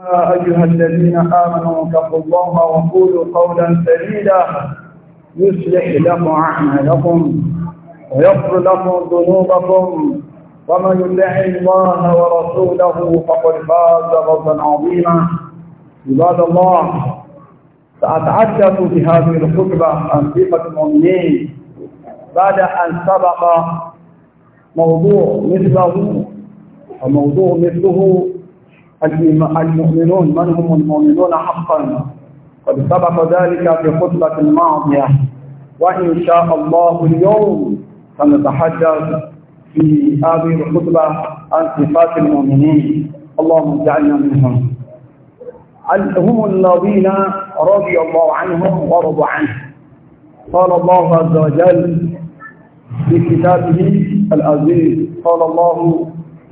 أيها الذين آمنوا اتقوا الله وقولوا قولا سديدا يصلح لكم أعمالكم ويغفر لكم ذنوبكم ومن يطع الله ورسوله فقد فاز فوزا عظيما عباد الله سأتحدث في هذه الخطبة عن صفة المؤمنين بعد أن سبق موضوع مثله وموضوع مثله المؤمنون من هم المؤمنون حقا قد سبق ذلك في خطبة الماضية وإن شاء الله اليوم سنتحدث في هذه الخطبة عن صفات المؤمنين اللهم اجعلنا منهم هم الذين رضي الله عنهم ورضوا عنه قال الله عز وجل في كتابه العزيز قال الله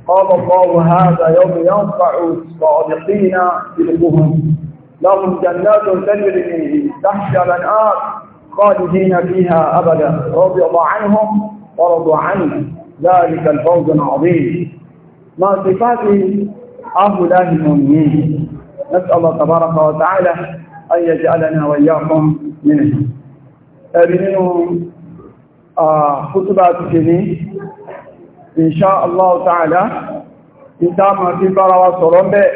قال الله هذا يوم ينفع الصادقين صدقهم لهم جنات تجري من تحت الانهار خالدين فيها ابدا رضي الله عنهم ورضوا عنه ذلك الفوز العظيم ما صفات هؤلاء المؤمنين نسال الله تبارك وتعالى ان يجعلنا واياكم منهم ابنهم آه، خطبات خطبه insha Allah ta'ala ìdámà tí bára wa sọ̀rọ̀ mẹ́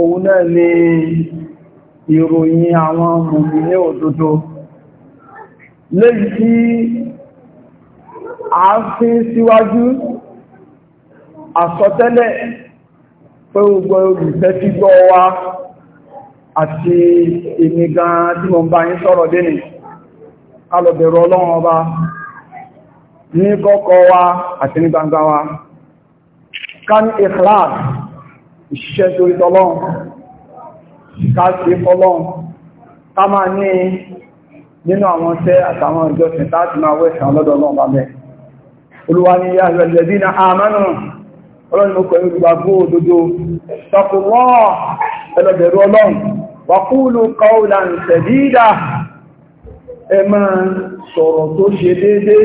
òun náà ni ìròyìn àwọn mùmínì òdodo léyìí tí a ń fi síwájú àsọtẹ́lẹ̀ pé ogbò olùfẹ́ tí gbọ́ wa àti èmi tí mo bá yín sọ̀rọ̀ dénì alọ̀bẹ̀rọ ọlọ́run ọba ní kọ́kọ́ wa àti ní gbangba wa ká ní ikhlas ìṣiṣẹ́ torí tọ́lọ́n ká sí fọ́lọ́n ká máa ní nínú àwọn tẹ́ àtàwọn ìjọsìn láti máa wẹ́sàn lọ́dọ̀ náà bàbẹ̀ olúwa ní yàrẹ̀lẹ̀bí na àmánù ọlọ́run mo pẹ̀lú olùgbàgbó òdodo sọkùnwọ́ ẹlọ́bẹ̀rù ọlọ́run wàkúlù qawlan sadida ẹ máa sọ̀rọ̀ tó ṣe déédéé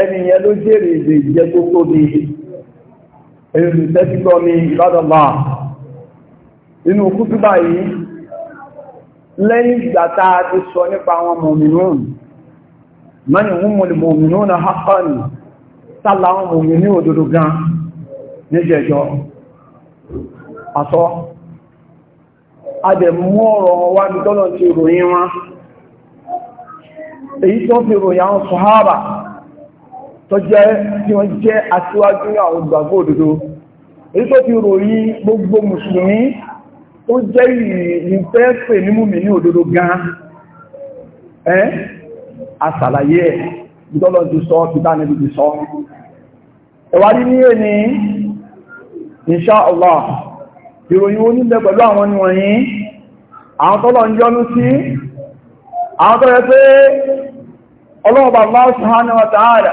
ẹniyàn ló jèrè ìdè ìjẹ tó tó ní olùtẹ́síkọ́ ní ìbádọ́lá inú kútúbà yìí lẹ́yìn ìgbàta ti sọ nípa àwọn mọ̀mìnún mẹ́rin hún mọ̀lì mọ̀mìnún na haqqani àwọn mọ̀mìnún gan adẹ̀mú ọ̀rọ̀ wá ní tọ́lọ̀ ti ròyìn wọn èyí tó fi ròyìn àwọn sọ̀hábà tó jẹ́ tí wọ́n jẹ́ aṣíwájú àwọn olùgbàgbọ́ òdodo èyí tó fi ròyìn gbogbo mùsùlùmí tó jẹ́ ìrìnfẹ́ pè ní múmi ní òdodo gan ẹ́ àṣàlàyé ẹ̀ ìtọ́lọ̀ ti sọ títà níbi ti sọ ẹ̀wàrí ní èní insha Allah ìròyìn onílẹ̀ pẹ̀lú àwọn níwọ̀nyí àwọn ọlọ́ọ̀bà Allah subhanahu wa ta'ala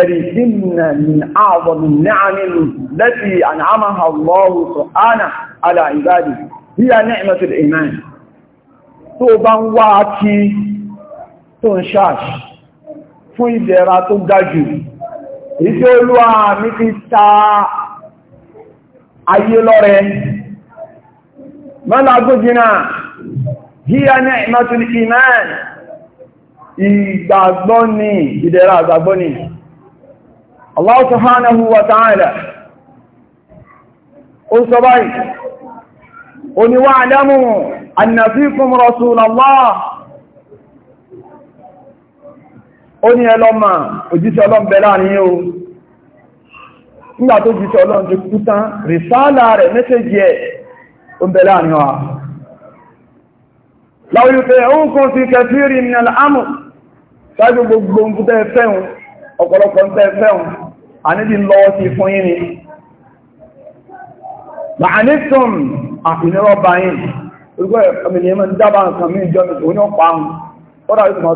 ẹ̀rìsìnà min àwọ̀mù ni'amilu lẹ́tí ànàmà Allahu Subhana ala ibadi bí a ni'matul iman tó bá ń wá kí tó ń ṣáàṣì fún ìdẹ̀ra tó gájù ìṣẹ́ olúwa mi fi ta ayé lọ́rẹ mọ́lágójínà bí a ni'matul iman ìgbàgbọ́ ni ìdẹ̀ra àgbàgbọ́ ni Allah subhanahu wa ta'ala ó sọ o ó ní wa'lamu anna fikum rasulallah ó ní ẹlọ́mà o nígbà tó jíṣẹ́ ọlọ́m ti kú tán rìsáàlà rẹ̀ mẹ́sẹ̀jì ẹ̀ ó ń bẹ láàrin wa láwọ́yúfẹ́ oúnkún fi kẹfìrí ní aláàmù ṣáájú gbogbo ń fútẹ́ fẹ́hùn ọ̀pọ̀lọpọ̀ ń àníbí lọ́wọ́ ti fún yín ni làánítùn àfinirọ́bà yín orúkọ ẹ̀mìnìyàn mọ́ dábà nǹkan mí jọ ní òun yóò pa ahùn kọ́dà yóò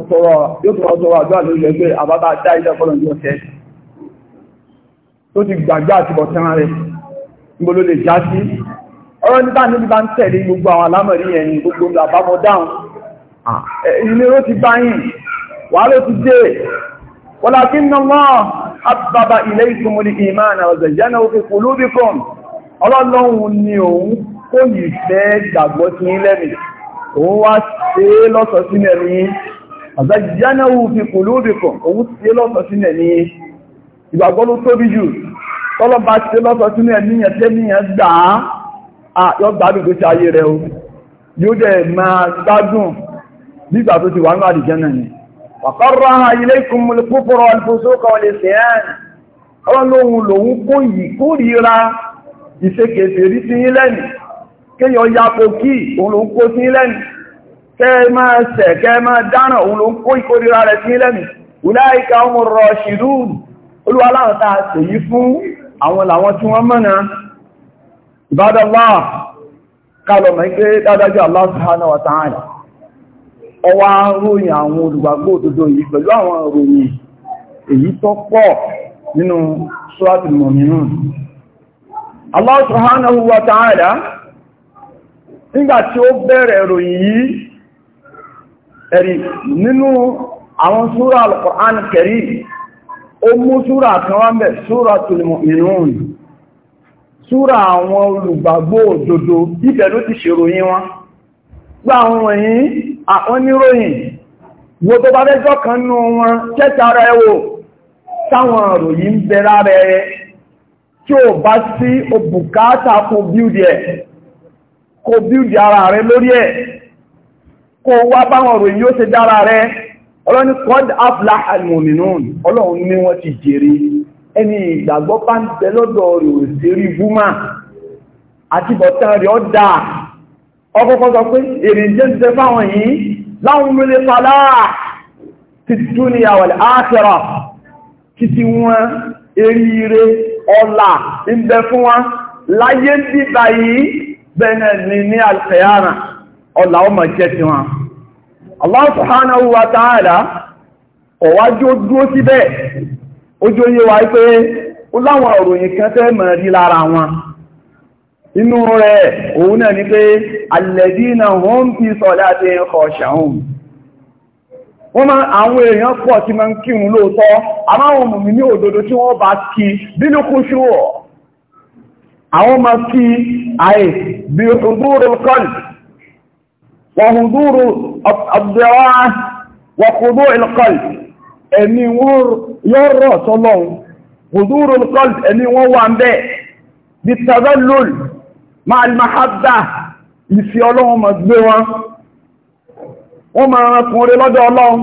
tún ọ̀tọ̀rọ̀ àjọ́ àlóòjẹ́ pé àbábá dá ilẹ̀ fọ́lọ̀ ní ọ̀tẹ́ tó ti gbàgbé àti bọ̀tán rẹ̀ níbo ló lè já sí ọ̀rọ̀ nígbà níbi bá ń tẹ̀lé gbogbo àwọn alámọ̀rí ẹ̀yìn gbogbo àbámọ̀ dáhùn ìlérò ti báyìn wàá ló ti dé wọ́n lákínà náà حبب إليكم الإيمان وزينه في قلوبكم ọlọ́lọ́run ni òun kò yìí fẹ́ gbàgbọ́ sí lẹ́mì òun wá ṣe lọ́sọ̀ sí lẹ́mì àzájánáwó fi qulubikum òun ṣe lọ́sọ̀ sí lẹ́mì ìgbàgbọ́ ló tóbi jù tọ́lọ́bá ṣe lọ́sọ̀ sí lẹ́mì yẹn tẹ́mì yẹn gbà á yọ gbádùn tó ṣayé rẹ̀ o yóò dẹ̀ máa gbádùn nígbà tó ti wà ní àdìjẹ́ náà وقرها إليكم الكفر والفسوق والعصيان ọlọ́run lòun kó ìkórìíra ìṣekèfèrí sí ilẹ́ni kéyàn yàpò kí òun lòun kó sí ilẹ́ni kẹ́ máa ṣẹ̀ kẹ́ máa dáràn òun lòun kó ìkórìíra rẹ̀ sí ilẹ́ni ulaika ọmọ rọ̀ ṣìlúùn olúwaláwọ̀ta ṣèyí fún àwọn làwọn tí wọ́n mọ́nà ìbádọ́lá kálọ̀mọ̀ ọwá ròyìn àwọn olùgbàgbò òdodo yìí pẹ̀lú àwọn ròyìn èyí tó pọ̀ nínú ṣúwàtí mọ̀mínú Allah subhanahu nígbàtí ó bẹ̀rẹ̀ yìí eri nínú àwọn súra àwọn ti ṣèròyìn wọn oníròyìn wo tó bá fẹ́jọ́ kan nú wọn kẹta ara ẹwò táwọn òròyìn bẹ̀rẹ̀ ara ẹ tí ó bá sí òbùkátà kò bíúdì ẹ̀ kò bíúdì ara rẹ lórí ẹ̀ kò wá báwọn òròyìn yóò ṣe dára rẹ ọlọ́ni kọ́d aflaha al ọkọ̀kọ́ sọ pé èrìnjẹ́ ti tẹ fáwọn yìí láwọn múlé falá ti dúnìyà wal akhirah kí ti wọn eríire ọlá ń bẹ fún wọn láyé bíbá yìí bẹ́ẹ̀ ni ní al-qiyamah ọlá ọmọ jẹ́ ti wọn Allah subhanahu wa ta'ala ọ̀wájú ó dúró síbẹ̀ ojú oyé inú rẹ̀ òun náà ni pé alladina hum fi salatihim khashi'un wọ́n máa àwọn èèyàn pọ̀ tí máa ń kírun lóòtọ́ àmáwọn mùmí ní òdodo tí wọ́n bá kí bínú kú ṣúwọ̀ àwọn máa kí àì bí ọdúrú kọlù wọ̀hùndúrú ọ̀bẹ̀wà máa lè máa dá ìfẹ́ ọlọ́run mọ̀ gbé wọn wọ́n máa ránkùn orí lọ́dọ̀ ọlọ́run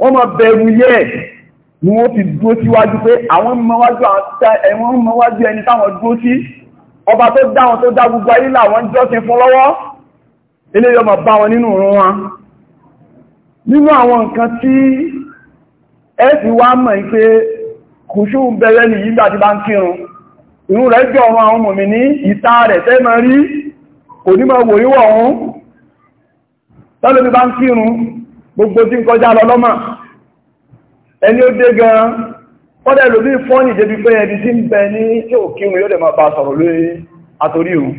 wọ́n máa bẹ̀rù yẹ́ ni wọ́n fi dúró síwájú pé àwọn mọ́wájú ẹni táwọn dúró sí ọba tó dáwọn tó dá gbogbo ayé làwọn jọ́sìn fún lọ́wọ́ ilé yọmọ̀ bá wọn nínú ìrun wọn nínú àwọn nǹkan tí ẹ fi wá mọ̀ pé kò ṣóhun bẹ̀rẹ̀ nìyí gbàdí bá ń kírun inú rẹ̀ jẹ́ ọmọ àwọn mọ̀mí ní ìta rẹ̀ tẹ́ ma rí kò ní ma wò ríwọ̀ ọ̀hún tọ́lẹ̀ bí bá ń kírun gbogbo tí ń kọjá lọ lọ́mà ẹni ó dé gan kọ́dẹ̀ ló bí fọ́nì débi pé ẹni tí ń bẹ ní tí ò kírun yóò dẹ̀ ma bá sọ̀rọ̀ lórí àtorí òun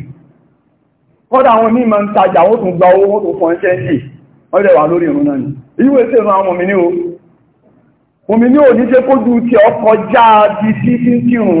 kọ́dà àwọn míì ma ń tajà ó tún gba owó tó fọ́n ṣẹ́ǹtì wọ́n dẹ̀ wà o mọ̀mí ní ti ọkọ̀ já di sí sí kírun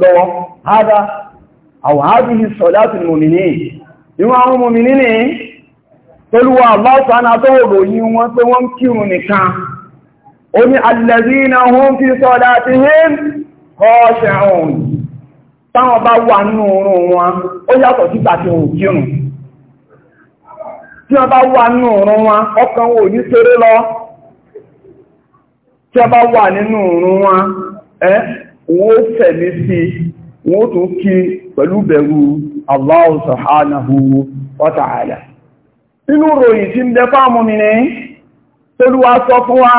lọ́wọ́ hádá àwòhádìí sọ̀látì mòmìnì ìwọ̀n àwọn mòmìnì ní tolúwà aláwọ̀sánà tó wòrò yí wọn pé wọ́n kírù nìkan o ní alẹ́zínà hún fi sọ̀látì hìn kọ́ṣẹ̀hùn ọ wà wọn tí wọ́n bá wà nínú oorun wọn wọ́n fẹ̀mí sí wọ́n tó kí pẹ̀lú bẹ̀rù Allah subhanahu wa ta'ala inú ròyìn tí ń bẹ fáàmù mi ní tólúwa sọ fún wa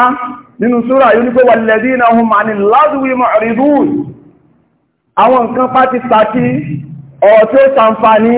nínú súra yìí nípé walladhina hum 'ani lagwi mu'ridun àwọn nǹkan pátipátí ọ̀rọ̀ tí ó sàǹfàní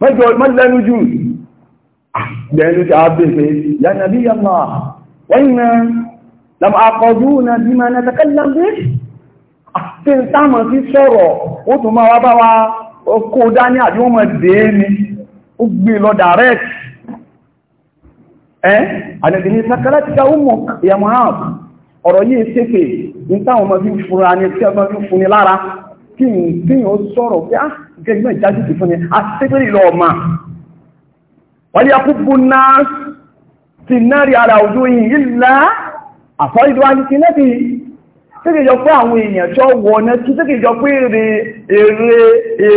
mẹ́jọ mẹ́lẹ́nu jù ah, lẹ́nu tí a bèèrè ya nàbí yàmà wọ́nà lam àkọ̀dú na bí ma na takallam bí tí ah, n sáàmà sí sọ̀rọ̀ ó tún máa wá bá wa kó dání àti wọ́n mọ̀ dé ní ó gbé e lọ direct ẹ́ àdẹ̀dẹ̀ ní sakara ti ká gẹ́gẹ́ ìgbà ìjájú ti fún ni a ti pé ìlọ ọmọ wọ́n yá kúkú náà ti náà rí ara ojú yìí ìlà àfọ́ ìlú àti lẹ́bí tẹ́kẹ̀ jọ pé àwọn èèyàn tó wọ̀nà tí tẹ́kẹ̀ jọ pé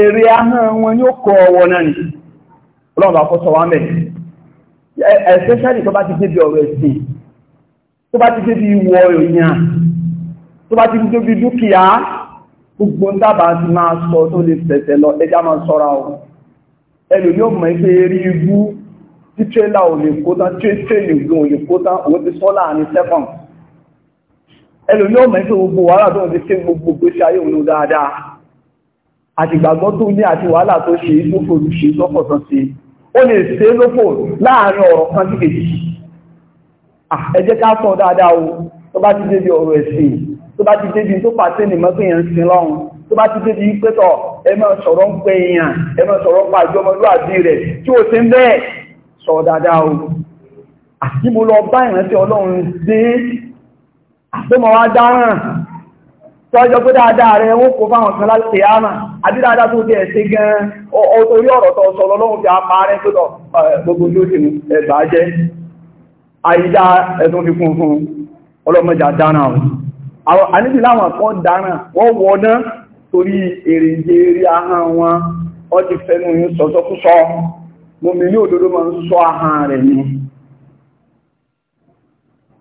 èrè ahọ́n wọn yóò kọ wọ̀nà ni ọlọ́ọ̀bà kọ́ sọ wá mẹ́ especially tó bá ti débi ọ̀rọ̀ ẹ̀sìn tó bá ti débi ìwọ̀ èèyàn tó bá ti débi dúkìá gbogbo tábà ti máa sọ tó lè tẹ̀tẹ̀ lọ ẹjá máa sọ́ra ọ̀ ẹlù ní ọmọ ìpé rí igbú tí trailer ò lè kó tán trailer ògùn ò lè kó tán òun ti sọ́ láàrin second ẹlù ní ọmọ ìpé gbogbo wàhálà tó ń ti ṣe gbogbo gbèsè ayé òun dáadáa àtìgbàgbọ́ tó ní àti wàhálà tó ṣe ìdókò lù ṣe lọ́pọ̀ tán sí ó lè ṣe lófò láàrin ọ̀rọ̀ kan sí kejì ẹ jẹ́ ká sọ dáadáa o tó bá ti débi ọ̀rọ̀ ẹ̀sìn tó bá ti débi tó pàtẹ́ ní mọ́ pé èèyàn sin lọ́run tó bá ti débi pẹ́tọ̀ ẹ má sọ̀rọ̀ ń pẹ èèyàn ẹ má sọ̀rọ̀ pa àjọ ọmọlúwàbí rẹ̀ tí ó ti ń bẹ́ẹ̀ sọ dáadáa o àti mo lọ bá ìrántí ọlọ́run dé àgbọ́mọ̀ wá dáràn tọ́jọ́ pé dáadáa rẹ̀ ó kò fáwọn kan láti àmà àbí dáadáa tó jẹ́ ẹ̀ṣẹ́ gan orí ọ̀rọ̀ tọ́ sọ lọ́lọ́run fi àpá rẹ̀ tó lọ gbogbo ló ti ẹ̀bà jẹ́ àìdá ẹ̀tún fi kún fún ọlọ́mọjà dáràn àníbì láwọn kan dáràn wọ́n wọ́ná torí èrìnjẹ eré ahán wọn wọ́n ti fẹ́nu yìí sọ́sọ́kúsọ́ mọ́mí ní ma ń sọ ahán rẹ̀ ni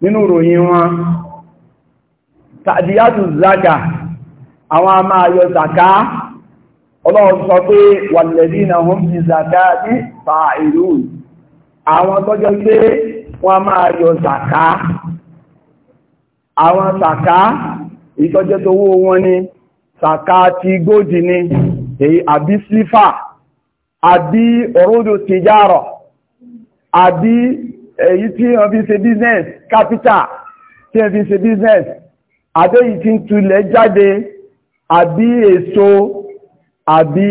nínú ròyìn wọn tàdíyàtù zaga àwọn a máa yọ zaka ọlọ́run sọ pé na hùn zaga dị ní fa ìlú àwọn tọ́jọ́ pé wọ́n máa yọ àwọn sàká ìtọ́jẹ́ tó wó wọn ni sàká ti góòdì ni èyí àbí sífà àbí òródò tìjárọ̀ àbí èyí tí wọ́n fi ṣe business capital tí wọ́n fi ṣe business àbẹ́yí tí ń tulẹ̀ jáde àbí èso àbí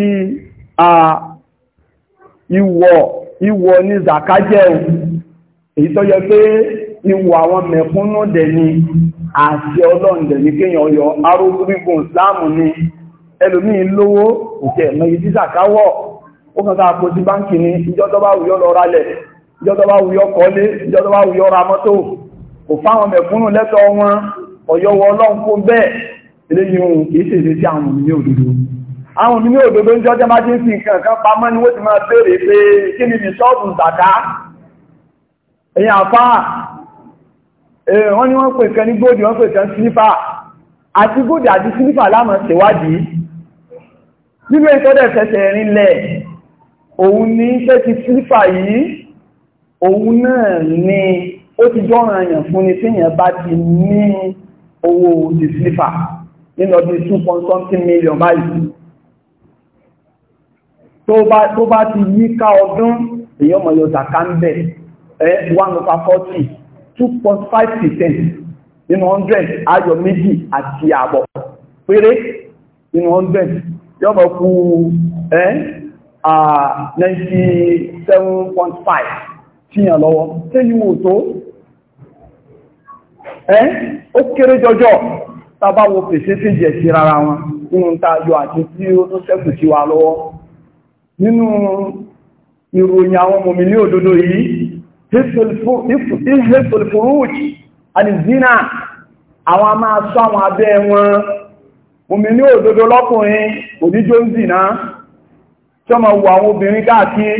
ìwọ̀ ìwọ̀ ní zàkájẹ́ èyí tó yẹ pé ìwọ̀ àwọn mẹ̀kúnnù dẹ̀ ni àti ọlọ́ǹdẹ̀ ní kéèyàn ọyọ arógúnrígùn ìsìláàmù ni ẹlòmí lówó òkè mẹ́yí tí sàkáwọ̀ ó kàn sáà kó sí báńkì ní ìjọ́ tó bá wùyọ́ lọ ralẹ̀ ìjọ́ tó bá wùyọ́ kọ́lé ìjọ́ tó bá wùyọ́ ra mọ́tò kò fáwọn mẹ̀kúnnù lẹ́tọ̀ wọn ọ̀yọ́wọ ọlọ́run kó bẹ́ẹ̀ eléyìí ohun àwọn òní òdodo àwọn òní òdodo ń jọjọ́ ń fi nǹkan kan pamọ́ ni wọ́n ti máa béèrè pé kí ni bíṣọ́ọ̀bù zàká ẹ̀yìn àfáà Eh, wọ́n ní wọ́n pè kan ní góòdì wọ́n pè kan sílífà àti góòdì àti sílífà lámọ̀ ṣèwádìí nínú ìtọ́dẹ̀ fẹsẹ̀ rinlẹ̀ òun ní iṣẹ́ ti sílífà yìí òun náà ni ó ti jọ́ràn àyàn fún ni tí èèyàn bá ti ní owó ti sílífà nínú ọdún 2 something million báyìí tó bá ti yíká ọdún èèyàn mọ̀ yóò zàkà ń bẹ̀ 1 eh, over 40 two point five percent nínú hundred ayọ̀ méjì àti àbọ̀ péré nínú hundred yọ́bọ̀ kú ẹ́ ninety seven point five tíyàn lọ́wọ́ tí yíò tó ẹ́ ó kéré jọjọ tàbá wo pèsè tí jẹ̀ sí rárá wọn nínú tààjọ àti tí ó tó sẹ́kù sí wa lọ́wọ́ nínú ìròyìn àwọn mòmìnì òdodo yìí hifzul furuj alizina àwọn a máa sọ àwọn abẹ́ wọn omi ní òdodo lọ́kùnrin òdíjó ń zìnà tí ó ma wo àwọn obìnrin káàkiri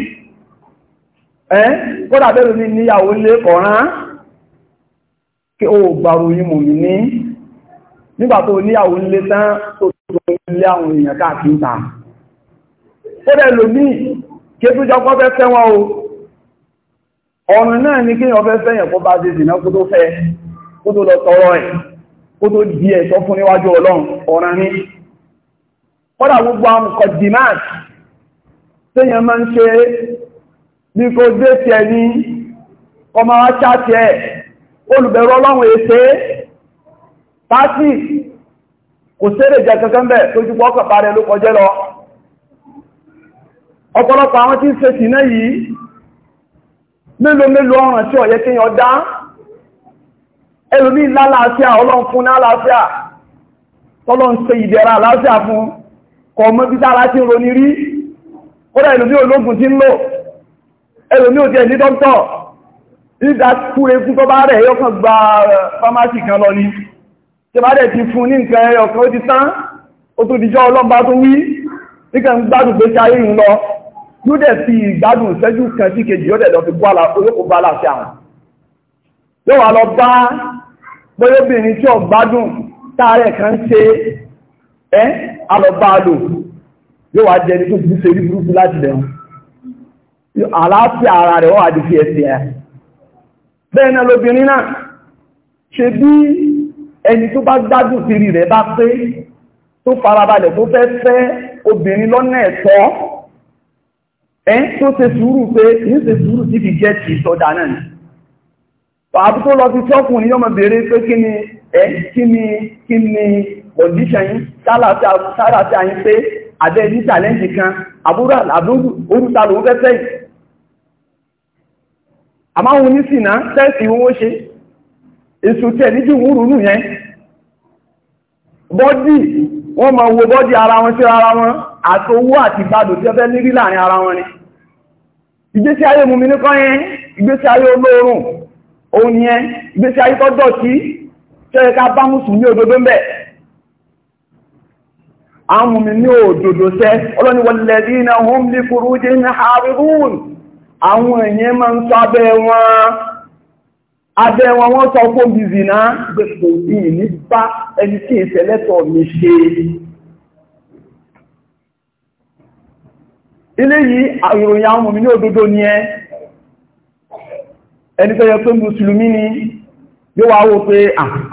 ẹ́ kódà bẹ́rẹ̀ ní níyàwó lé kọ̀rán kí o gbàrò yí mò ní nígbà tó níyàwó lé tán tó tó lé àwọn èèyàn káàkiri ta kódà lòmí kí ọ̀run náà ni kí ọfẹ́ fẹ́yàn kó bá ti dìnà kó tó fẹ́ kó tó lọ tọrọ ẹ̀ kó tó di ẹ̀ṣọ́ fún níwájú ọlọ́run ọ̀ràn ní kọ́dà gbogbo amùkọ̀ dìmáàt tẹ́yàn máa ń ṣe bí kò dé ti ẹ̀ sẹ́rẹ̀ jẹ kankan bẹ̀ tó jùpọ̀ ọkọ̀ parẹ́ ló kọjẹ́ lọ ọ̀pọ̀lọpọ̀ àwọn tí ń ṣe sí náà yìí mélòó mélòó ọ̀ràn tí ọ̀yẹ́ tí yàn dá ẹlòmí lálàáfíà ọlọ́run fún ní àlàáfíà tọ́lọ́run ṣe ìdẹ̀ra àlàáfíà fún kò mọ̀ bí tára tí ronú rí kódà ẹlòmí ológun tí ń lò ẹlòmí ò tiẹ̀ ní dókítọ̀ nígbà kúre fún tó bá rẹ̀ yọkàn gba eh, fámásì kan lọ ni tí bá dẹ̀ ti fún ní nǹkan ẹyọkan ó ti tán ó tó dijọ́ ọlọ́mbá tó wí nígbà ń gbádùn gbé yóò dẹ̀ fi ìgbádùn ìṣẹ́jú kan sí kejì yóò dẹ̀ lọ fi bọ́lá olóko bá láti àwọn yóò wà lọ bá bóyóbìnrin tí ó gbádùn táàrẹ̀ kan ṣe ẹ́ alọ́bàálò yóò wà jẹ́ ní tó bú ṣe rí burúkú láti lẹ́wọ̀n àlàáfíà ara rẹ̀ wọ́n àdí fi ẹ̀sẹ̀ ẹ̀ bẹ́ẹ̀ náà lóbìnrin náà ṣe bí ẹni tó bá gbádùn sí rí rẹ̀ bá pé tó farabalẹ̀ tó fẹ́ fẹ́ obìnrin lọ́nà ẹ̀tọ́ ẹ́ tó ṣe sùúrù pé ní ṣe sùúrù tí fi jẹ́ ti sọ́dá náà ni pàápù tó lọ ti tọ́kùn ní ọmọ bèèrè pé kí ni ẹ́ kí ni kí ni condition yìí sára tí a yìí pé abẹ́ ní challenge kan àbúrà àbúrúta ló fẹ́ fẹ́ yìí àmá wọn ní sínà tẹ́ẹ̀sì wọn ṣe èso tẹ̀ níjú wúrú nù yẹn bọ́dì wọ́n máa wo bọ́dí ara wọn sí ara wọn àti owó àti ìbádò tí ó fẹ́ nírí láàrin ara wọn ni ìgbésí ayé mumi ní kọ́yẹn ìgbésí ayé olóòrùn òun ni ẹ ìgbésí ayé tó dọ̀tí tẹ́ ká bá mùsùlùmí òdodo mẹ́ àwọn mumi ní òdodo sẹ́ ọlọ́ni walladhina hum li furujihim hafidhun àwọn èèyàn máa ń sọ abẹ́ wọn wọ́n sọ fún bìbì náà gbẹ̀kọ̀ bí ní bá ẹni tí ìṣẹ̀lẹ́tọ̀ mi ṣe ilé yìí ìròyìn àwọn òmìnir òdodo ni ẹ ẹni tó yẹ pé mùsùlùmí ni yóò wá wó pé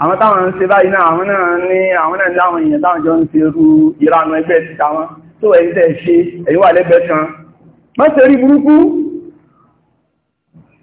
àwọn táwọn ń ṣe báyìí náà àwọn náà ní àwọn náà láwọn èèyàn táwọn jọ ń ṣe rú ìranà ẹgbẹ́ ti táwọn tó ẹ̀yìn tẹ́ ṣe ẹ̀yìn wà lẹ́gbẹ̀ẹ́ kan mọ́sẹ̀rí burúkú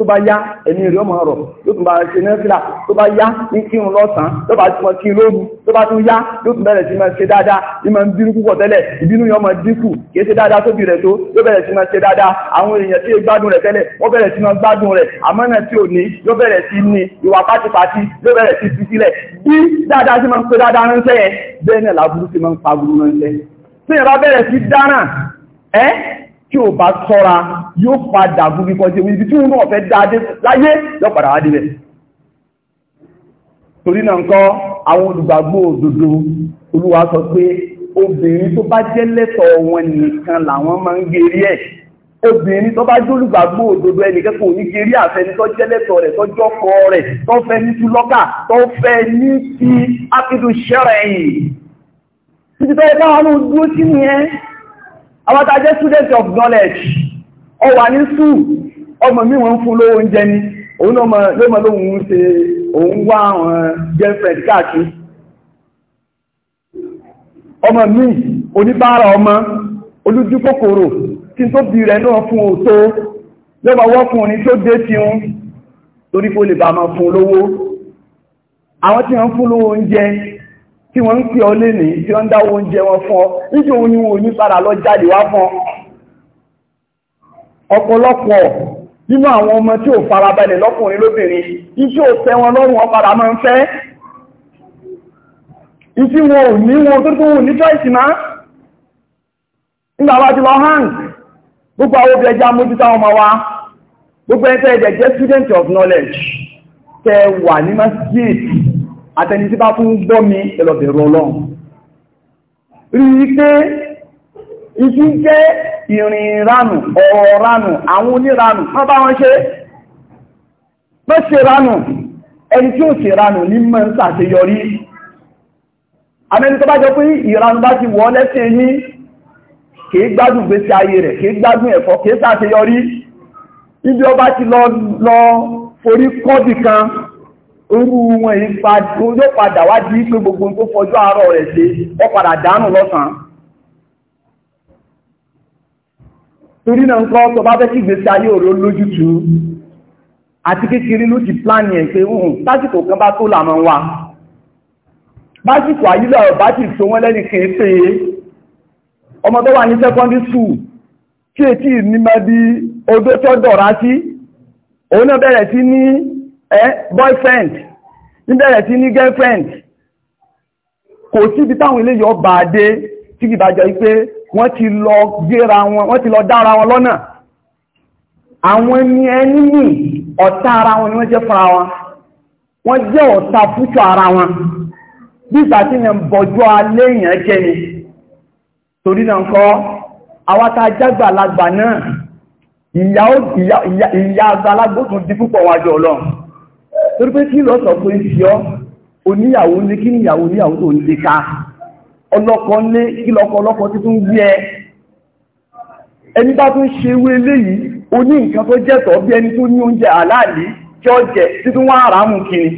tó bá yá ẹ̀mí rẹ̀ ọmọ ọ̀rọ̀ yóò tún bá ṣe nẹ́fìlà tó bá yá ní kírun lọ́sàn-án tó bá tún kí lóru tó bá tún yá yóò tún bẹ̀rẹ̀ sí máa ṣe dáadáa ní máa ń bínú púpọ̀ tẹ́lẹ̀ ìbínú yọ máa dínkù kìí ṣe dáadáa tóbi rẹ̀ tó yóò bẹ̀rẹ̀ sí máa ṣe dáadáa àwọn èèyàn tí gbádùn rẹ̀ tẹ́lẹ̀ wọ́n bẹ̀rẹ̀ sí máa gbádùn rẹ̀ àmọ́ náà tí ò ní yóò bẹ̀rẹ̀ sí ní ìwà pátipáti yóò bẹ̀rẹ̀ sí fi sílẹ̀ bí dáadáa sí máa ń pe dáadáa ránṣẹ́ yẹn bẹ́ẹ̀ náà làbúrú sí máa ń pa burú ránṣẹ́ tí ìyẹn bá bẹ̀rẹ̀ sí dáràn ẹ́ tí ó bá tọ́ra yóò padà gúgbí kan tí ibi tí ó náà fẹ́ dáadé láyé yóò padà wádìí rẹ̀ torí náà nǹkan àwọn olùgbàgbọ́ òdodo olúwa sọ pé obìnrin tó bá jẹ́ lẹ́tọ̀ wọn nìkan làwọn máa ń gerí ẹ̀ obìnrin tó bá jẹ́ olùgbàgbọ́ òdodo ẹnìkan kò ní gerí àwọn tá jẹ́ student of knowledge ọ wà ní school ọmọ mi wọ́n ń fún lówó oúnjẹ ni òun náà ló mọ lóhun ń ṣe òun wá àwọn girlfriend káàkiri ọmọ mi oníbàárà ọmọ olójú kòkòrò tí tó bí rẹ̀ náà fún òtó lọ́wọ́ wọ́kùnrin tó dé tí ń torí lè bá máa fún lówó àwọn tí wọ́n fún lówó oúnjẹ tí wọ́n ń pè ọ lé ní tí wọ́n oúnjẹ wọn fún ọ nítorí wọn padà lọ jáde wá fún ọ̀pọ̀lọpọ̀ nínú àwọn ọmọ tí ò farabalẹ̀ lọ́kùnrin lóbìnrin iṣẹ́ ò wọn lọ́rùn máa ń fẹ́ wọn ò ní wọn tó wù ní ọmọ wa gbogbo student of knowledge tẹ wà ní àtẹni tí bá fún gbọ́ mi ẹlọ́bẹ̀rọ ọlọ́run rí pé ìtí jẹ́ ìrìn ránù ọ̀rọ̀ ránù àwọn oníránù má bá wọn ṣe mọ́ ṣe ránù ẹni tí ó ṣe ránù ní mọ́ ń ṣàṣeyọrí àmẹ́ni tó bá jọ pé ìránù bá ti wọ́ lẹ́sẹ̀ yín kìí gbádùn gbésí ayé rẹ̀ kìí gbádùn ẹ̀fọ́ kìí ṣàṣeyọrí ibi ọba ti lọ forí kọ́bì kan orú wọn yóò padà wá di pé gbogbo tó fọjú àárọ̀ rẹ̀ ṣe ó padà dánù lọ́sàn-án torí náà nǹkan tó bá fẹ́ kí ìgbésí ayé òró lójútu àti kékeré ló ti pláni ẹ̀ pé hùn tásìkò kan bá tó làmọ́ wa básìkò ayílẹ̀ ọ̀bá ti tó wọ́n lẹ́ni kìí pé ọmọ tó wà ní secondary school kí ètí ní mẹ́bí odó tó dọ̀rá sí òun náà bẹ̀rẹ̀ sí ní eh boyfriend níbẹ̀rẹ̀ sí ní girlfriend kò síbi táwọn ilé yọ bá dé tí kìí bá jọ wípé wọ́n ti lọ gbéra wọn wọ́n ti lọ dára wọn lọ́nà àwọn ẹni ẹni ní ọ̀tá ara wọn ni wọ́n jẹ́ fara wọn wọ́n jẹ́ ọ̀tá fúnṣọ ara wọn bí ìsàtí ni bọ̀jọ́ alé èèyàn jẹ́ ni torí náà kọ́ àwátá jágbàlagbà náà ìyá àgbàlagbà tún di púpọ̀ wájú ọlọ́run torí pé kí lọ sọ pé ṣe ọ́ oníyàwó ní kí níyàwó níyàwó tó ń lè ka ọlọ́kọ lé kí lọ́kọ ọlọ́kọ tí tún gbé ẹ ẹni bá tún ṣe wé léyìí o ní nǹkan tó jẹ́tọ̀ bí ẹni tó ní oúnjẹ àláàlì tí ó jẹ títún kiri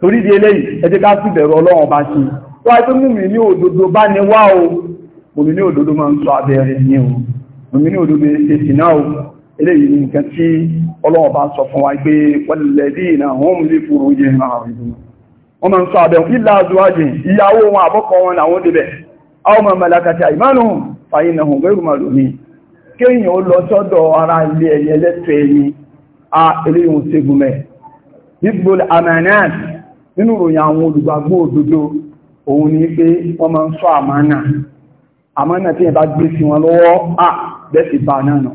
torí di eléyìí ẹ ká sì bẹ̀rù Ọlọ́run bá ṣe tó wáyé tó mú mi ní òdodo bá ní wá o mú mi ní òdodo máa ń sọ abẹ́rẹ́ ní o mú mi ní òdodo èsì náà o eléyìí ni nǹkan tí Ọlọ́run bá sọ fún wa pé walladhina hum li furujihim hafidhun wọ́n máa ń sọ àbẹ̀ illa azwajihim ìyàwó wọn àbọ́kọ wọn làwọn débẹ̀ aw ma malakat aymanuhum fa a eléyìn ṣegúnmẹ́ hezbollah amanat nínú ìròyìn àwọn olùgbàgbọ́ òdodo òun ní pé wọ́n máa ń sọ àmánà àmánà tí ẹ gbé sí wọn lọ́wọ́ à bá náà náà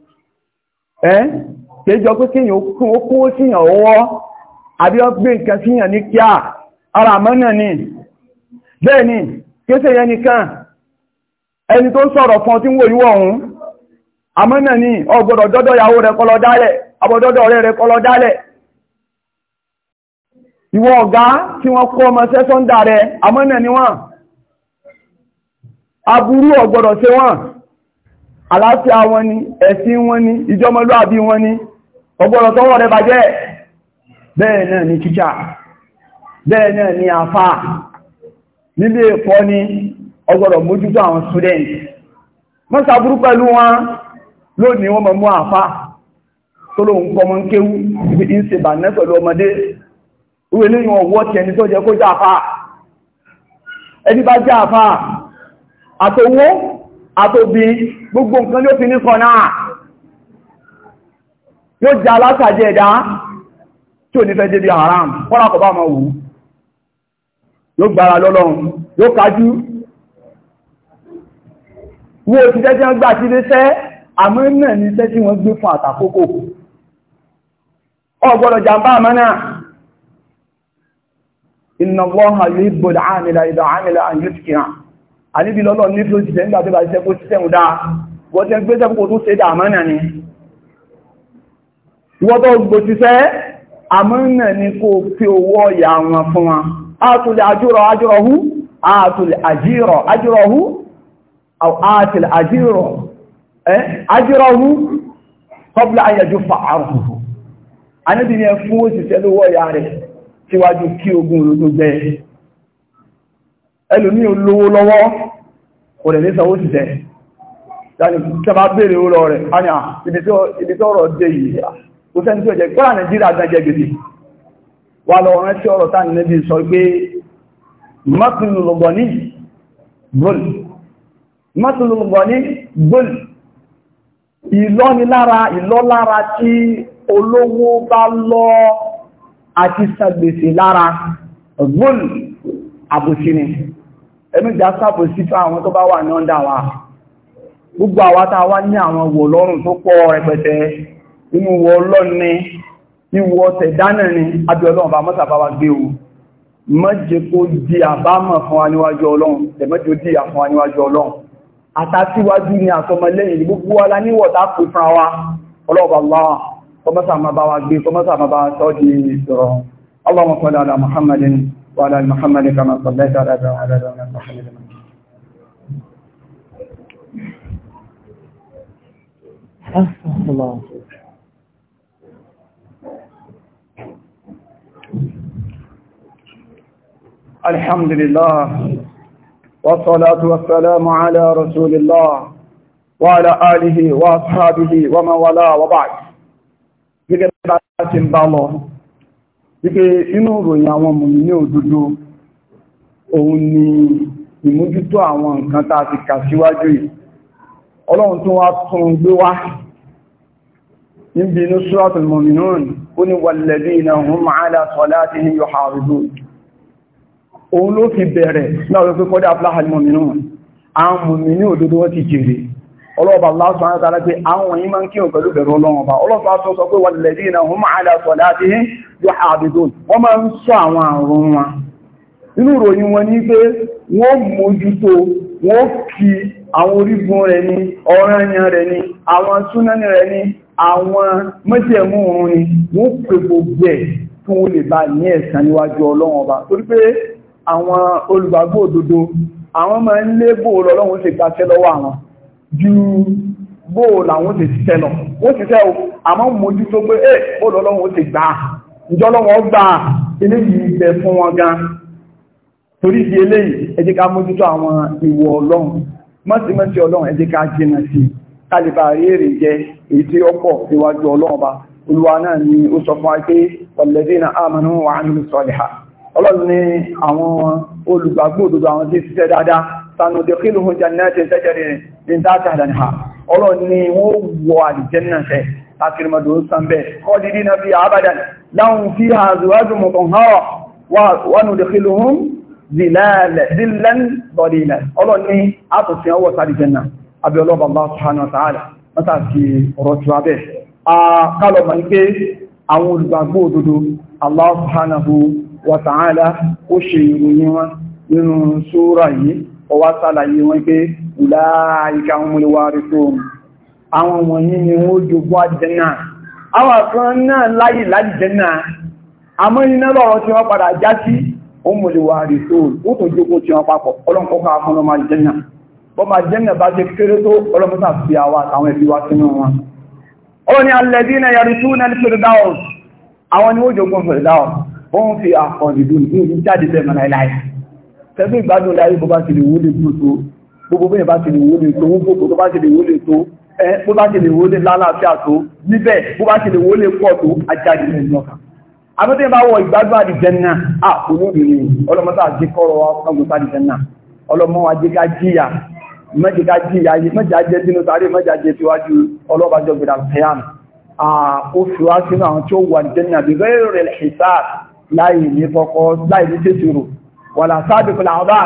ẹ́ kéjọ pé kíyàn ó síyàn ọwọ́ àbí ó gbé nǹkan síyàn ní ara mọ́nà ni bẹ́ẹ̀ ni kéṣe nìkan ẹni tó sọ̀rọ̀ fún ọtí wò yíwọ̀ ọ̀hún àmọ́nà ni ọgbọ̀dọ̀ dọ́dọ̀ ìyàwó rẹ̀ kọlọ dálẹ̀ abọ̀dọ́dọ̀ ọ̀rẹ́ rẹ̀ kọlọ dálẹ̀ ọ̀gá tí wọ́n kọ́ ọmọ sẹ́sọ́ndà ni wọ́n aburú ọgbọ̀dọ̀ wọ́n àlàáfíà wọn ni ẹ̀sìn wọn ni ìjọmọlúàbí wọn ni ọgbọ́rọ̀ tọwọ́ rẹ̀ bàjẹ́ bẹ́ẹ̀ náà ni kíkà bẹ́ẹ̀ náà ni àfà nílé ẹ̀kọ́ ni ọgbọ́rọ̀ mójútó àwọn student wọ́n sàbúrú pẹ̀lú wọn lónìí wọ́n mọ̀ mú àfà tó lóun kọmọ ń kéwú ibi ìsìnbà náà pẹ̀lú ọmọdé ìwé lẹ́yìn ọwọ́ ti ẹni tó jẹ kó àtòwó àtòbí gbogbo nǹkan ló fi ní kọ náà yóò jẹ́ alásàjẹ́ ẹ̀dá tí ò ní fẹ́ débi haram kọ́lá kọ̀ bá ma wù yóò gbára lọ́lọ́run yóò kájú wo òṣìṣẹ́ tí wọ́n gbà sí iléeṣẹ́ àmọ́ ní iṣẹ́ tí wọ́n gbé fún àtàkókò ọgbọ́dọ̀ jàmbá àmọ́ inna Allaha yuhibbul 'amila idha 'amila an yutqina àníbi lọ́lọ́ ní tí ó ti tẹ́gbà tó bá jẹ́ kó títẹ́ ìdá wọ́n tẹ́ gbé tẹ́kù tó tẹ́ dàmánà ni wọ́n tó gbò ti fẹ́ àmánà ni kó fi owó ọ̀yà wọn fún wọn átùlẹ̀ àjírọ̀ àjírọ̀hú átùlẹ̀ àjírọ̀ àjírọ̀hú átùlẹ̀ àjírọ̀ àjírọ̀hú kọ́bùlẹ̀ ayẹjú fa àrùhù àníbi ni ẹ fún òṣìṣẹ́ lówó ọ̀yà rẹ̀ síwájú kí ogun olóògbé ẹlòmí olówó lọ́wọ́ kò rẹ̀ ní sanwó ṣiṣẹ́ tẹba bèèrè ó lọ rẹ̀ anya ibi tí ọ̀rọ̀ dé yìí kò sẹ́ni tí ó jẹ́ kọ́lá Nàìjíríà gan jẹ gbèsè wà lọ rẹ̀ tí ọ̀rọ̀ tán níbi sọ pé mọ́tìlùlọ́gbọ̀ní ni ẹmẹ́jà sáàpù sí fún àwọn tó bá wà ní ọ́ndà wa gbogbo àwátá wá ní àwọn wò lọ́rùn tó pọ̀ rẹpẹtẹ inú wọ ọlọ́ni ìwọ ọ̀tẹ̀ dánà ni abẹ́ ọlọ́run bá mọ́ta bá wá gbé o mọ́jẹ kó di àbámọ̀ fún wa níwájú ọlọ́run tẹ̀mọ́jẹ ó dìyà fún wa níwájú wa láníwọ̀ tá kò fún wa ọlọ́ọ̀bàlá kọmọ́sàmà bá wa gbé kọmọ́sàmà bá Muhammadin وعلى محمد كما صليت على ابراهيم وعلى ال محمد الله الحمد لله والصلاة والسلام على رسول الله وعلى آله وأصحابه ومن والاه وبعد gẹ́gẹ́ bá ti wípé inú ìròyìn àwọn mùmínì òdodo òun ni ìmójútó àwọn nǹkan tá a ti kà síwájú yìí ọlọ́run tó wá tún gbé wá níbi inú suratul mu'minun ó ní walladhina hum ala salatihim yuharibun òun ló fi bẹ̀rẹ̀ ọlọ́ọ̀bà lásán àtàrà pé àwọn yìí máa ń kíhùn pẹ̀lú bẹ̀rù ọlọ́ọ̀bà ọlọ́pàá tó sọ pé wà lẹ́dí ìnà hùn àdà sọ̀dá àti hìn yóò àbìdó wọ́n máa ń sọ àwọn àrùn wọn inú ìròyìn wọn ní pé wọ́n mójútó wọ́n kí àwọn orígun rẹ̀ ni ọ̀ranyàn rẹ̀ ni àwọn súnáni rẹ̀ àwọn mọ́jẹ̀mú ń lébò lọ́lọ́run ṣe gbàṣẹ́ lọ́wọ́ àwọn ju bóò làwọn ti ṣiṣẹ́ lọ wọ́n ṣiṣẹ́ o àmọ́ mojú tó pé ẹ́ bóò lọ́lọ́wọ́ ti gbà á ìjọ lọ́wọ́ gbà á eléyìí bẹ fún wọn gan torí di eléyìí ẹ jẹ́ ká mójútó àwọn ìwọ̀ ọlọ́run mọ́símọ́sí ọlọ́run ẹ jẹ́ ká jìnà sí kálíbà rí èrè jẹ èyí tí ó pọ̀ síwájú ọlọ́run ìdáta ìdánihà ọlọ́run ni wọ́n wọ àdìjẹ́nàṣẹ́ akìrìmọ̀dò sàmbẹ̀ kọ́dìdí na fi àbádà láhùn fi àzúwájú mọ̀kànhárọ̀ wọ́n nù dìkìlùhún zìlẹ́n bọ̀dìlẹ̀ ọlọ́run ni àtọ̀sìn ọwọ́ sàdìjẹ́nà abẹ́ọlọ́bà bá sọ́hánà sàádà látàkì ọ̀rọ̀ tí wá bẹ́ kálọ̀ mọ̀ pé àwọn olùgbàgbọ́ òdodo Allah subhanahu wa ta'ala ó ṣe ìròyìn wọn nínú ọwá sàlàyé wọn pé ìlàáríkà múlẹ̀wárí tó àwọn wọ̀nyí ni wọ́n jogún àjẹ́nà àwọn kan náà láyé lájẹ́nà àmọ́ iná lọ́rọ̀ tí wọ́n padà já sí múlẹ̀wárí tó ó tó jogún tí wọ́n papọ̀ ọlọ́nkọ́kọ́ àwọn ni ó jogún fèrèdáwọ̀ wọ́n fi àkọ̀ọ̀dìdún ní ìjáde bẹ́ẹ̀ mọ̀ láìláì tẹ́bí ìgbádùn láyé bó bá ti lè wólè bí tó gbogbo bí bá ti lè wólè tó gbogbo tó bá ti lè wólè tó bó bá ti lè wólè lálàáfíà tó níbẹ̀ bó bá ti lè wólè pọ̀ tó ajáde lẹ́nu ọkà àbúté bá wọ ìgbádùn àdìjẹ́nà àkúlóbìnrin ọlọ́mọta àti kọ́rọ̀ ọgbọ̀ta àdìjẹ́nà ọlọ́mọ àjíká jíyà mẹ́jíká jíyà mẹ́já jẹ́ sínú sáré mẹ́já jẹ́ síwájú ọlọ́bàjọ́ gbìdà fẹ́yàn ó fi wá sínú àwọn tí ó wà àdìjẹ́nà bí rẹ̀ wàlà sáàbì kọlà ọba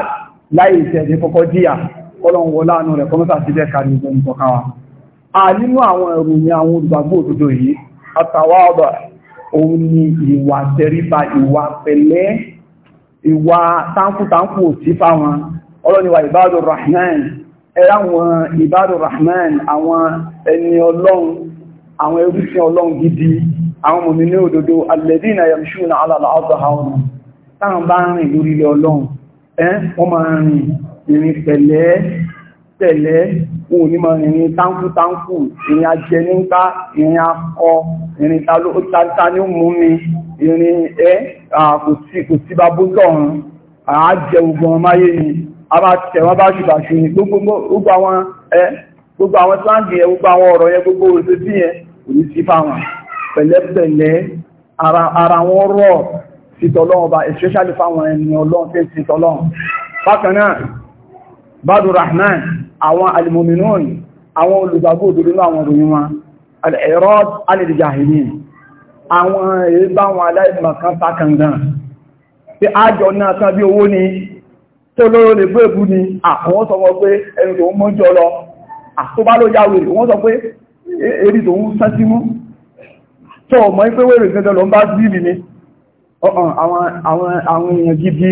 láì ìṣẹ̀ ní kọ́kọ́ díyà ọlọ́run wọ láàánú rẹ̀ kọ́mọ́sà sí bẹ́ẹ̀ kárí ìjọ nìkọ̀ọ́ká wa a nínú àwọn ìròyìn àwọn olùgbàgbọ́ òdodo yìí àtàwà ọba òun ni ìwà tẹríba ìwà pẹ̀lẹ́ ìwà táǹkùtáǹkù òsì fáwọn ọlọ́ni wa ìbádù rahman ẹ̀ráwọn ìbádù rahman àwọn ẹni ọlọ́run àwọn ẹrúsìn ọlọ́run gidi àwọn mòmìnir òdodo alladhina yamshuna ala al-ardi hawna táwọn bá rìn lórí ilẹ̀ ọlọ́run ẹ́ wọ́n máa rìn ìrìn pẹ̀lẹ́ pẹ̀lẹ́ wọn ò ní máa rìn táńkù táńkù ìrìn ajẹ́ nípa ìrìn akọ ìrìn tata ní mú mi ìrìn ẹ́ kò sí babú lọ́run àájẹ ogun ọmáyé ni a máa tẹ̀ wọ́n bá ṣùgbàṣù ní gbogbo àwọn ara wọn títọ́lọ́wọ́ bá especially fáwọn ẹni ọlọ́run tí ń títọ́lọ́run bákanáà badu rahman àwọn alimominon àwọn olùgbàgbò òdòdó àwọn òròyìn wọn al'ẹ̀rọ alìjahìní àwọn ìbáwọn aláìmọ̀kan takangan tí ájọ náà tán bí owó ni tó lóró lè gbé èbú ni àwọn sọ wọ́n pé ẹni tó ń mọ́jọ lọ àtúbá ló yáwèrè wọ́n sọ pé èrí e-, tó ń sátímú tó ọmọ ìpéwèrè gẹ́gẹ́ lọ ń bá sí ìlú ni àwọn èèyàn gidi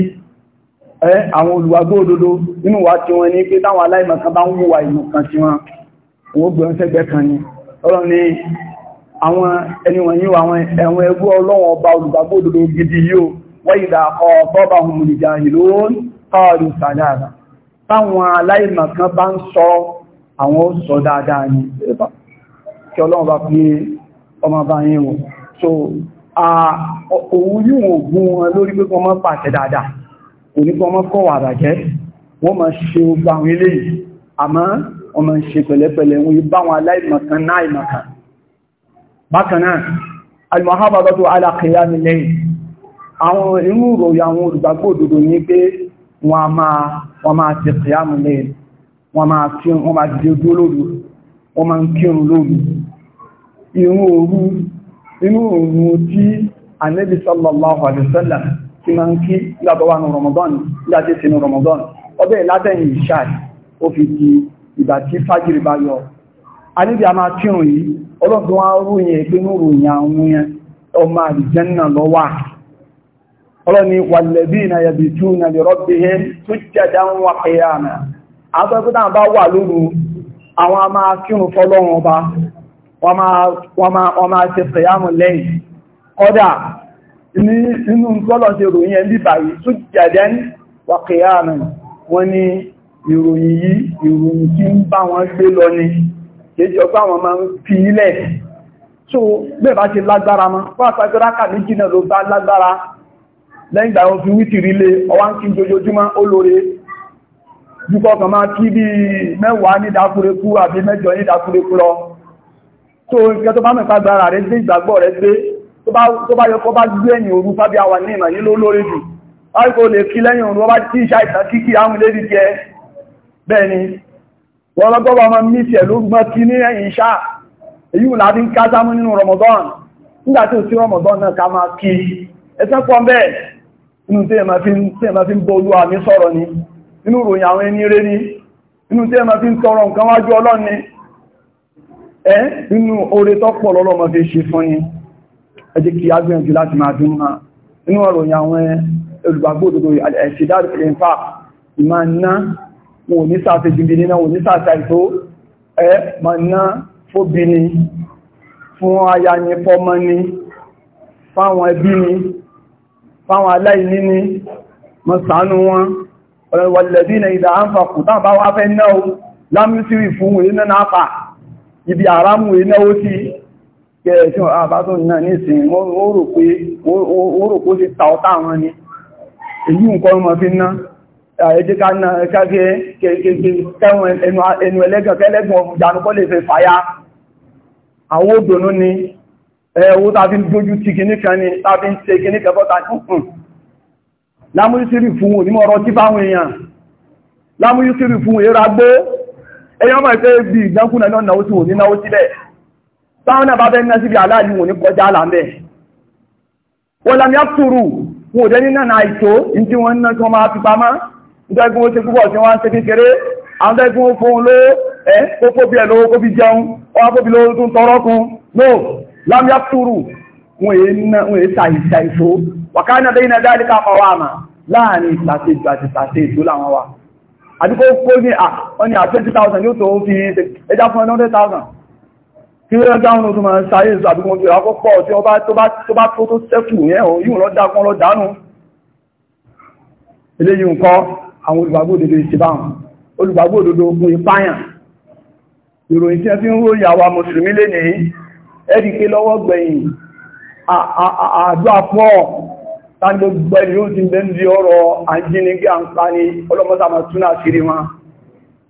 àwọn olùwàgbó òdodo nínú wa tí wọ́n ní pé táwọn aláìmọ̀kan bá ń wùwà ìmọ̀kan tí wọ́n wọ́n gbọ́n sẹ́gbẹ́ kan ni ọlọ́run ni àwọn ẹni wọ̀nyí àwọn ẹ̀wọ̀n ẹgbẹ́ ọlọ́wọ̀n ọba olùgbàgbó òdodo gidi yóò wọ́n ìdà ọ̀bọ́bà hùmùlìjà ìlú kọ́ọ̀lù sàdára táwọn aláìmọ̀kan bá ń sọ àwọn sọ dáadáa ni kí ọlọ́run bá fi ọmọ bá yín wọ̀ òun yíò ògùn wọn lórí pé wọ́n mọ́ pàṣẹ dáadáa òní kọ́ mọ́ kọ́ wà bàjẹ́ wọ́n mọ́ ṣe ogun àwọn eléyìí àmọ́ wọ́n mọ́ ṣe pẹ̀lẹ́pẹ̀lẹ́ wọn bá wọn aláìmọ̀kan náà ìmọ̀kan bákan náà alìmọ̀hábàbàtò alákìyàmì lẹ́yìn àwọn inú ìròyìn àwọn olùgbàgbọ́ òdodo ní pé wọ́n a máa wọ́n máa ti kìyàmù lẹ́yìn wọ́n máa kírun wọ́n máa dìde dúró lóru wọ́n máa ń kírun lóru irun òru inú òun tí anẹ́bí sallallahu alaihi wasallam tí ma ń kí látọwà ní Ramadan láti sínú Ramadan ọbẹ̀ látẹ̀yìn ìṣáì ó fi di ìgbà tí fájìrì bá yọ anẹ́bí a máa kírùn yìí ọlọ́dún wá ròyìn pé ròyìn àwọn ọmọ wọ́n máa ṣe fẹ̀yàmù lẹ́yìn kọ́dà ní inú tọ́lọ̀ ṣe ròyìn ẹ̀lú ìbàrí tó jẹ́dẹ́ wà kìíyàmù wọ́n ní ìròyìn yìí ìròyìn tí ń bá wọn gbé lọ ní kéjì ọgbà wọn máa ń fi ilẹ̀ tó bẹ́ẹ̀bá ṣe lágbára mọ́ pàtàkìráka méjì náà ló bá lágbára lẹ́yìngbà wọn fi wítìrí lé ọwá ń kí jojoojúmọ́ ó lóore jùkọ́ kan máa kí bí mẹ́wàá ní ìdákúrekú àbí mẹ́jọ ní ìdákúrekú lọ tó nǹkan tó bá mẹ́fà gbára rẹ̀ gbé ìgbàgbọ́ rẹ̀ gbé tó bá yọkọ́ bá gbé ẹ̀yìn orú fábí àwà ní ìmọ̀ nílò lórí jù láìkò lè kí lẹ́yìn orú ọba tí ìṣà ìtàn kíkí àwọn ilé jẹ́ bẹ́ẹ̀ni wọ́n lọ́gọ́bà Ramadan nígbà tí Ramadan náà ká máa kí ẹsẹ́ pọ́ bẹ́ẹ̀ inú tí ẹ máa fi ń bọ́ olúwa mi sọ̀rọ̀ ni inú tọrọ nǹkan wájú Ọlọ́run ẹ́ nínú oore tó pọ̀ lọ́lọ́mọ fi ṣe fún yín ẹ jẹ́ kí agbẹ́yànjú láti máa dún máa inú ọ̀rọ̀ ìyà àwọn olùgbàgbódodo ẹ̀ṣìdáàdì ìrìnfà ìmá ná wọn ò ní sáàfẹ́ jùbí nínú wọn ò ní sáàfẹ́ ìtó ẹ ma ná fóbìnì fún aya ní fọ́mọ́ ní fáwọn ẹbí ní fáwọn aláìní ní mọ́ ṣàánú wọn ọ̀rẹ́wọ̀lẹ̀bí ibi àrámù ináwó tí kẹ̀ẹ̀ṣùn àbátọ̀ ah, náà nísìn wọ́n rò pé ó sì ta ọ̀tá wọn ni èyí nǹkan ọmọ fi ná ẹjẹ́ ká ná ẹkágẹ́ kẹwọn ẹnu ẹlẹ́gàn kẹlẹ́gàn ọmọ ìjànukọ́ lè fẹ́ fàyà àwọn òdòdó ni ẹwọ́ tàbí dójú ti kìníkan ni tàbí ṣe kìníkan bọ́ta lámúrísírì fún onímọ̀rọ̀ tí fáwọn èèyàn lámúrísírì fún èragbó ẹ̀yọ́ máa ṣe bí ìgbánkúnlẹ̀ náà náà sí òní náà sílẹ̀ táwọn náà bá bẹ́ ná síbi aláàlú wọn ní kọjá àlàmẹ́ wọ́n lámì àtúrù wọn ò dé nínà náà ìṣó ìdí wọn náà tí wọ́n máa fi pamọ́ nítorí wọ́n ṣe púpọ̀ tí wọ́n ṣe kékeré àwọn tẹ́gbẹ́ wọn fún un ló ẹ́ kó fóbi ẹ̀ lówó kó fi jẹun wọ́n fóbi lówó tó ń tọrọ kun no lámì àtúrù wọn àdíkò kó ní ọ̀nà 20,000 yóò tó fi ẹjá fún 100,000 kí wọ́n dáhùn oṣù máa sáyé ìsọ àbíkò tí ọkọ̀ pọ̀ tí ó bá tó tó sẹ́kù yẹ́hùn yíò lọ dákún lọ dánú ilé yìí nǹkan àwọn olùgbàgbọ́ òdodo ìsìbáhùn olùgbàgbọ́ òdodo ogun ìpáyàn ìròyìn tí wọ́n fi ń ró ìyàwó mùsùlùmí lénìí ẹ̀rí pé lọ́wọ́ gbẹ̀yìn àdúrà pọ̀ tágbé gbẹ̀rẹ̀ yóò ti bẹ́ ń di ọ̀rọ̀ àjínigbé àǹfààní ọlọ́mọ́sàmà túnà sírí wọn.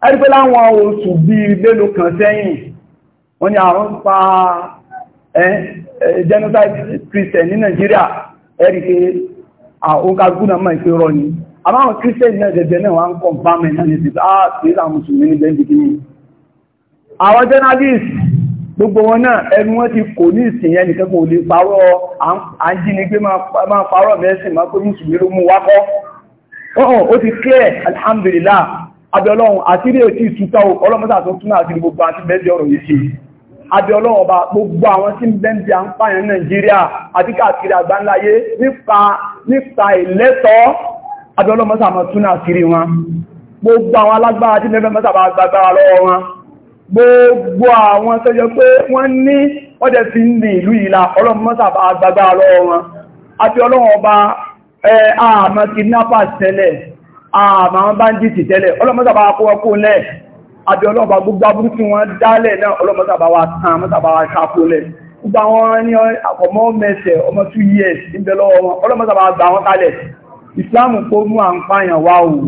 ẹgbẹ́ láwọn oṣù bí lélo kan sẹ́yìn wọ́n ni àrùn pa genocide christian ní Nigeria ẹ̀rìkẹ́ àókagúnà máa ìpé rọ ni àmáwọn christian náà jẹjẹ náà wọ́n kọ̀ bá mẹ́ta ní ti gbogbo wọn náà ẹnu wọn ti kò ní ìsìnyẹn nìkan kò lè parọ́ àjínigbé máa parọ́ mẹ́sìn máa pé mùsùlùmí ló mú wákọ́ ọ̀hún ó ti clear alhamdulillah abẹ́ọlọ́run àti ilé òtí ìtúta ọlọ́mọ́sà tó túnmọ̀ àti gbogbo àti bẹ́ẹ̀dì ọ̀rọ̀ yìí sí abẹ́ọlọ́run ọba gbogbo àwọn tí ń bẹ́ẹ̀dì à ń pààyàn Nàìjíríà àti káàkiri àgbáńláyé nípa ìlẹ́tọ́ abẹ́ọlọ́mọ́sà máa túnmọ̀ àti rí wọn gbogbo àwọn alágbára tí mẹ́fẹ́ mọ́sà bá gbàgbára lọ́wọ́ wọn gbogbo àwọn tẹ́jọ pé wọ́n ní wọ́n jẹ́ ti ní ìlú ìlà ọlọ́run mọ́sà àgbàgbà lọ́wọ́ wọn àti ọlọ́run ọba àmà kìdínápà tẹ́lẹ̀ àmà bandit tẹ́lẹ̀ ọlọ́run mọ́sà bá kó ọkó lẹ́ àti ọlọ́run ọba gbogbo aburú tí wọ́n dálẹ̀ náà ọlọ́run mọ́sà bá wà tán mọ́sà bá wà kápó lẹ́ gbogbo àwọn ní ọmọ mẹ́sẹ̀ ọmọ 2 years ìbẹ̀lọ́wọ́ wọn ọlọ́run mọ́sà bá gbà wọn kalẹ̀ ìsìláàmù kó mú àǹfààyàn wá òun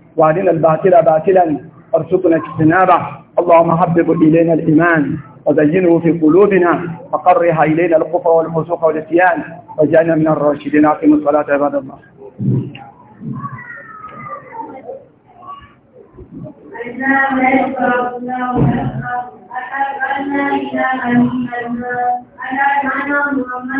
وعلينا الباطل باطلا وارزقنا اجتنابه اللهم حبب إلينا الإيمان وزينه في قلوبنا وقرها إلينا الكفر والفسوق والاتيان واجعلنا من الراشدين أقيموا الصلاة عباد الله إنا لا يفرقنا ولا أحبنا أنا